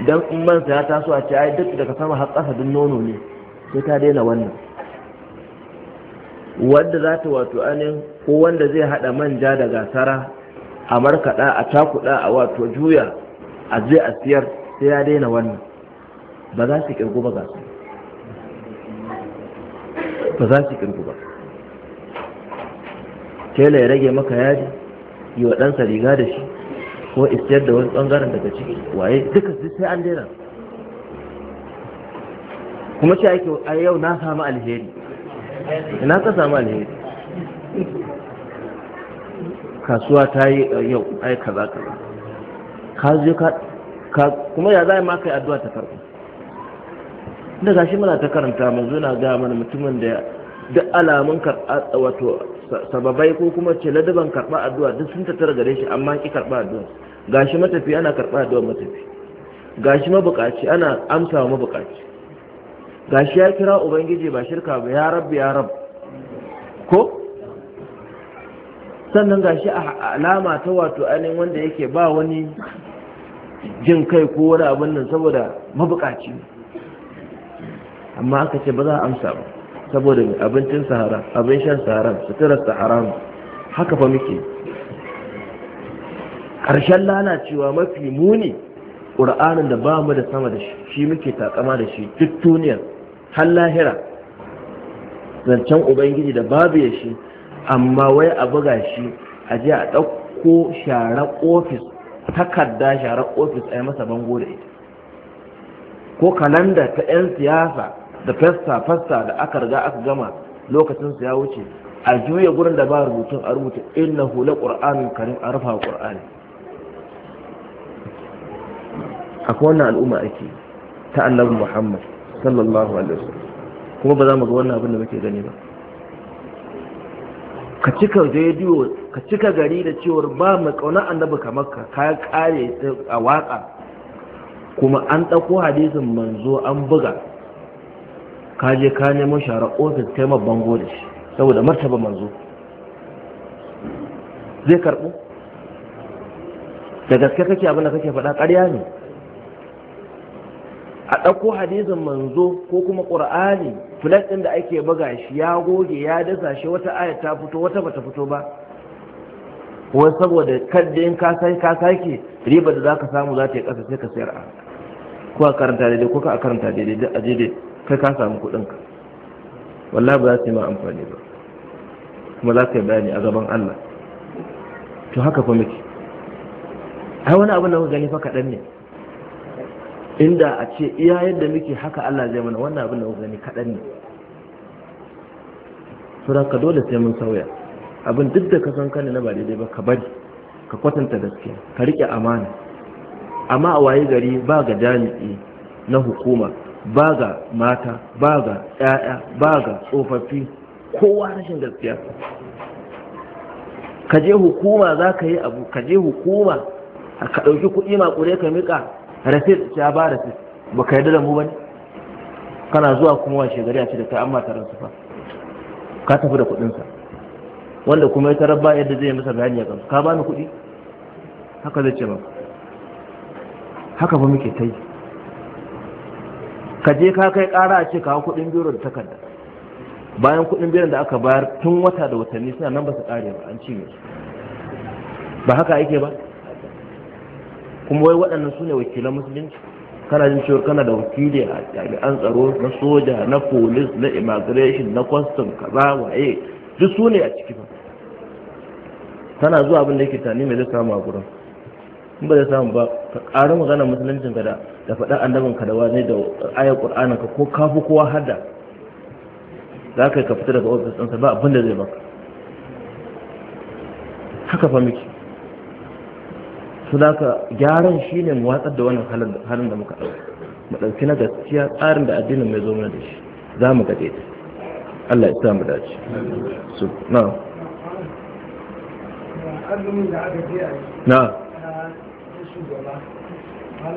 Speaker 1: don in man ya taso a ce ai duk daga sama har ƙasa duk nono ne sai ta daina wannan wanda za ta wato ainihin ko wanda zai haɗa manja da gasara a markaɗa a cakuɗa a wato juya a je a siyar sai ya daina wannan ba za su kirgu ba ba za su kirgu ba tela ya rage maka yadi yi wa ɗansa riga da shi ko istiyar da wani ɓangaren daga ciki waye duka sai an daina kuma shi ake a yau na samu alheri ina ka samu alheri kasuwa ta yi yau ai kaza kaza ka je ka kuma ya za ma yi addu'a ta farko da gashi muna ta karanta manzo na ga mana mutumin da duk alamun karba wato sababai ko kuma ce ladaban karba addu'a duk sun tattara gare shi amma ki karba addu'a gashi matafi ana karba addu'a matafi gashi mabukaci ana amsa wa mabukaci gashi ya kira ubangiji ba shirka ba ya rabbi ya rab ko sannan gashi alama ta wato ainihin wanda yake ba wani jin kai ko wani abin nan saboda mabukaci ne amma aka ce ba za a amsa ba saboda abincin sahara abin shan sahara suturar sahara haka fa muke ƙarshen lalacewa mafi muni ƙur'anin da ba mu da sama da shi shi muke takama da shi duk duniyar har lahira zancen ubangiji da babu ya shi amma wai a buga shi a je a ɗauko sharar ofis takarda sharar ofis a yi masa bango da ita ko kalanda ta 'yan siyasa da festa festa da aka riga aka gama lokacin su ya wuce a juya gurin da ba rubutun a rubuta innahu la qur'anun karim a rufa ƙur'ani. akwai wannan al'umma ake ta annabi muhammad sallallahu alaihi wasallam kuma ba za mu ga wannan abin da muke gani ba ka cika rediyo ka cika gari da cewar ba mai kauna annabi kamar ka ka kare a waka kuma an ɗauko hadisin manzo an buga Kaje ka nemo shara ofis kai ma bango da shi saboda martaba manzo zai karɓo da gaske kake abin da kake faɗa ƙarya ne a ɗauko hadisin manzo ko kuma ƙur'ani filan ɗin da ake buga shi ya goge ya dasa shi wata ayat ta fito wata bata fito ba wai saboda kadda in ka sake riba da za ka samu za ta yi ƙasa sai ka sayar a ko a karanta daidai ko ka a karanta daidai a daidai kai ka samu kudin ka wallahi ba za su yi ma amfani ba kuma za ka yi bayani a gaban Allah to haka fa miki ai wani abin da muka gani fa kaɗan ne inda a ce iya yadda muke haka Allah zai mana wannan abin da muka gani kaɗan ne da ka dole sai mun sauya abin duk da ka san kane na ba daidai ba ka bari ka kwatanta gaskiya ka riƙe amana amma a waye gari ba ga jami'i na hukuma ba ga mata ba ga 'ya'ya ba ga tsofaffi kowa rashin gaskiya ka je hukuma za ka yi abu ka je hukuma ka ɗauki kuɗi makure ka miƙa rasit ya ba rasit ba ka yarda da mu ba ne kana zuwa kuma wa gari a ce da ta amma fa ka tafi da kuɗinsa wanda kuma ya tarar ba yadda zai masa bayani ya gamsu ka bani kuɗi haka zai ce ba haka ba muke ta yi ka je ka kai kara a ce hau kuɗin biro da takarda bayan kuɗin biro da aka bayar tun wata da watanni suna nan ba su kare ba an cinye su ba haka ake ba kuma wai waɗannan su ne wakilan musulunci kana jin cewa kana da wakili a jami'an tsaro na soja na polis na immigration na custom kaza waye duk su ne a ciki ba tana zuwa abin da yake tani mai zai samu a gurin in ba zai samu ba ka ƙara magana musuluncin ka da faɗa annabin ka da wani da ayar ƙur'anin ka ko kafu kowa hada za ka ka fita daga ofis ɗinsa ba abin da zai baka haka fa miki su da ka gyaran shi ne mu watsar da wannan halin da muka ɗauka mu ɗauki na gaskiya tsarin da addinin mai zo mana da shi za mu gaɗe ta Allah ya sa mu dace su na
Speaker 2: na ya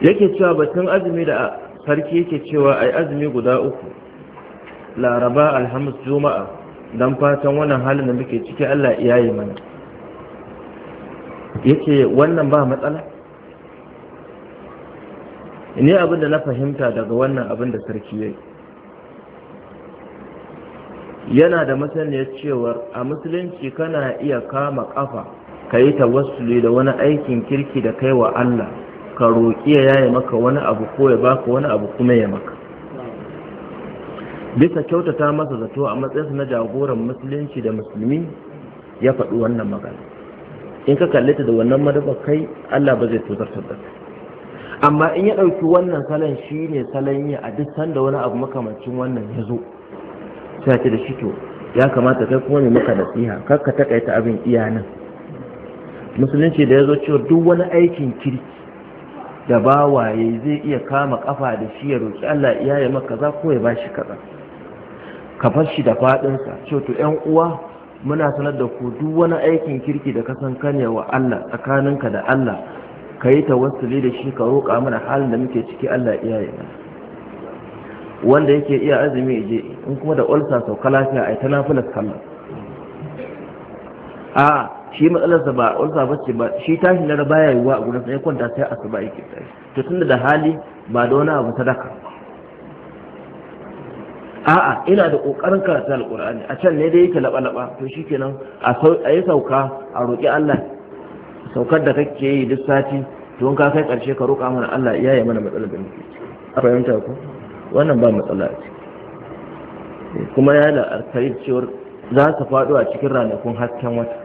Speaker 1: yi yake cewa batun azumi da sarki yake cewa ai azumi guda uku laraba alhamis juma'a don fatan wannan halin da muke ciki allah ya yi mana yake wannan ba matsala ne abin da na fahimta daga wannan abin da sarki ya yana da masaniyar cewar a musulunci kana iya kama kafa ka yi tawassuli da wani aikin kirki da kai wa Allah ka roƙi ya yi maka wani abu ko ya baka wani abu kuma ya maka bisa kyautata masa zato a matsayinsa na jagoran musulunci da musulmi ya faɗi wannan magana in ka kalli ta da wannan madafa kai Allah ba zai tozartar da amma in ya ɗauki wannan salon shi ne salon yi a duk sanda wani abu makamancin wannan ya zo ta ce da shi to ya kamata kai kuma mai maka nasiha kar ka takaita abin iya nan musulunci da ya zo cewa duk wani aikin kirki da bawaye zai iya kama kafa da shi ya roƙi Allah ya yi maka za ko ya ba shi kaza ka fashi da faɗinsa cewa to 'yan uwa muna sanar da ku duk wani aikin kirki da ka san kane wa Allah tsakaninka da Allah ka yi tawassuli da shi ka roƙa mana halin da muke ciki Allah iya mana wanda yake iya azumi je in kuma da ulsa sau kalafiya a yi ta nafilar kalla. a shi matsalarsa ba ulsa ba ce ba shi tashi na baya yiwuwa a gudansa ya kwanta sai ba yake tsaye to tunda da hali ba da wani abu sadaka a'a ina da kokarin karatu alkur'ani a can ne dai yake laba laba to shikenan a yi sauka a roƙi Allah saukar da kake yi duk sati to in ka kai karshe ka roƙa mana Allah ya yi mana matsalar da muke a fahimta ku wannan ba matsala a ciki eh, kuma ya da la'arkari cewar za ka faɗo a cikin ranakun hasken wata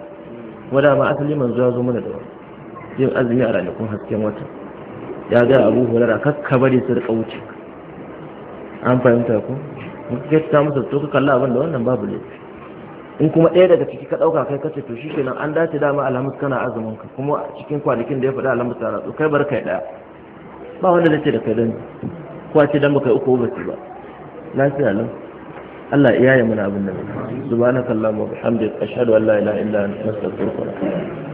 Speaker 1: wadda ma asali manzo ya zo mana da wani yin azumi a ranakun hasken wata ya ga abu hulura kakka bari su rika wuce an fahimta ko muka kai ta musu to ka kalla abin da wannan babu laifi in kuma ɗaya daga ciki ka ɗauka kai kace to shi nan an dace dama alhamis kana azumin ka kuma cikin kwanakin da ya faɗi alhamis ta ratsu kai bar kai ɗaya ba wanda zai ce da kai dani kuwa ce dan baka yi uku ba ce ba lafiya
Speaker 2: lau Allah ya yi mana abin da mai subhanakallahumma wa bihamdika ashhadu an la ilaha illa anta astaghfiruka wa atubu